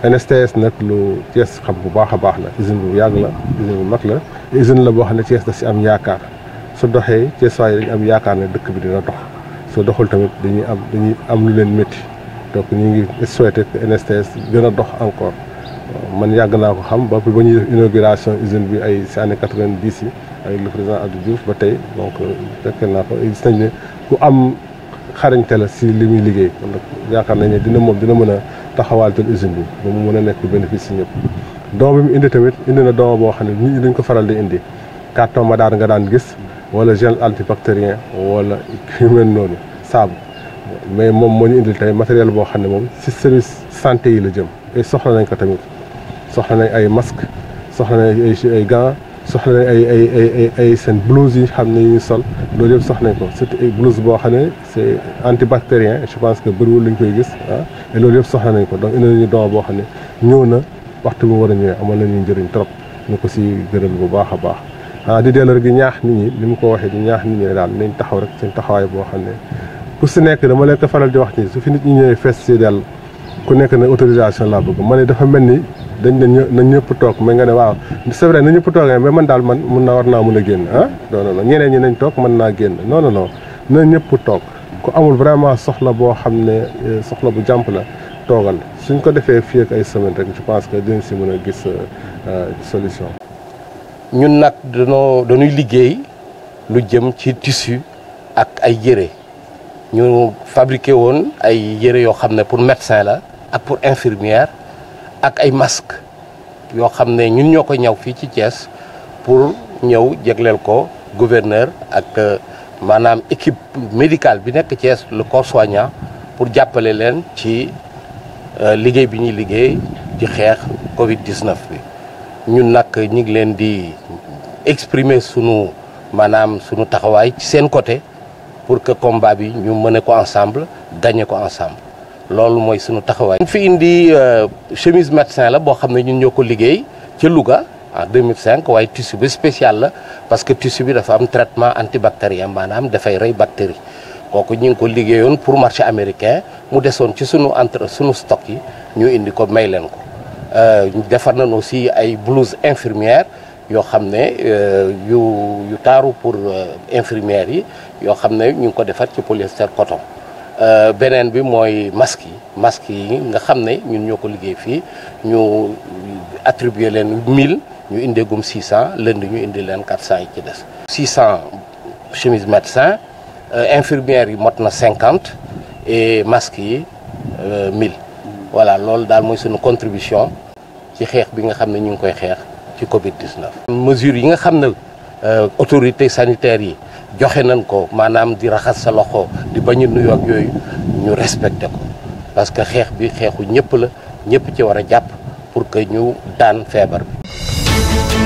NSTS nag lu Thiès xam bu baax a baax la usine bu yàgg la usine bu mag la usine la boo xam ne Thiès la si am yaakaar su doxee Thiès waaye dañu am yaakaar ne dëkk bi dina dox soo doxul tamit dañuy am dañuy am lu leen métti donc ñu ngi souhaité que NSTS gën a dox encore man yàgg naa ko xam ba ba ñuy def inauguration bi ay si année quatre-vingt-dix yi avec le président Abdou Diouf ba tey donc fekkee naa ko gis nañ ne ku am xarañte la si li muy liggéey kon nag yaakaar nañ ne dina moom dina mën a taxawaaltal usine bi ba mu mën a nekk bénéfice si ñëpp doom bi mu indi tamit indi na doom boo xam ne nit ñi dañ ko faral di indi carton ma daar nga daan gis wala gel antibactérien wala yu mel noonu saabu mais moom moo ñu indi tey matériel boo xam ne moom si service santé yi la jëm et soxla nañ ko tamit soxla nañ ay masque soxla nañ ay ay gants soxna nañ ay ay ay ay ay seen blouse yi xam ne ñuy sol loolu yëpp soxla nañ ko surtout ay blouse boo xam ne c' est antibactérien je pense que bëriwul lañ koy gis ah et loolu yëpp soxna nañ ko donc indi nañu don boo xam ne ñëw na waxtu bu war a ñëwee amal nañu njëriñ trop ñu ko si gërëm bu baax a baax ah di delloo rek di ñaax nit ñi ni mu ko waxee di ñaax nit ñi daal nañ taxaw rek seen taxawaay boo xam ne ku si nekk dama leen ko faral di wax ni su fi nit ñi ñëwee fees si dell ku nekk ne autorisation laa bëgg ma ne dafa mel ni dañ ne na ñëpp toog mais nga ne waaw c'est vrai na ñëpp toogee mais man daal man mun naa war naa mun a génn ah non non non ñeneen ñi nañ toog mën naa génn non non non na ñëpp toog ku amul vraiment soxla boo xam ne euh, soxla bu jàmp la toogal suñ ko defee fii ak ay semaine rek je pense que dinañ si mën a gis euh, euh, solution ñun nag danoo dañuy liggéey lu jëm ci tissu ak ay yére ñu fabriqué woon ay yére yoo xam ne pour médecin la ak pour infirmière ak ay masque yo xamné ñun ñoko ñaw fi ci Thiès pour ñëw jéglél ko gouverneur ak euh, manam équipe médicale bi nek Thiès le corps soignant pour jappalé leen ci euh, liggéey bi ñi liggéey ci xeex Covid 19 bi ñun nak ñu ngi leen di exprimer sunu manam sunu taxaway ci sen côté pour que combat bi ñu mëne ko ensemble gagné ko ensemble. loolu mooy suñu taxawaay. fi indi euh, chemise médecin la boo xam ne ñun ñoo ko liggéey ci luga en 2005 waaye tissu bi spécial la parce que tissu bi dafa am traitement antibactérien maanaam dafay rey bactérie kooku ñu ngi ko liggéeyoon pour marché américain mu desoon ci suñu entre suñu stock yi ñu indi ko may leen ko euh, defar nañ aussi ay blouse infirmière yoo xam ne euh, yu yu taaru pour infirmières yi yoo xam ne ñu ngi ko defar ci polyester coton. Euh, benen bi moy masque. masque yi nga xamné ñun ñoko liggéey fi ñu attribué len 1000 ñu avons 600 lënd ñu indi 400 ci dess 600 chemises médecin euh, infirmières yi mot 50 et masques yi 1000. Euh, voilà lool dal moy contribution ci xeex bi nga xamné ñu ngi koy ci Covid 19. mesures yi nga xamné autorités sanitaires yi. joxe nañ ko maanaam di raxas sa loxo di bañ a nuyu ak yooyu ñu respecté ko parce que xeex bi xeexu ñëpp la ñëpp ci war a jàpp pour que ñu daan feebar bi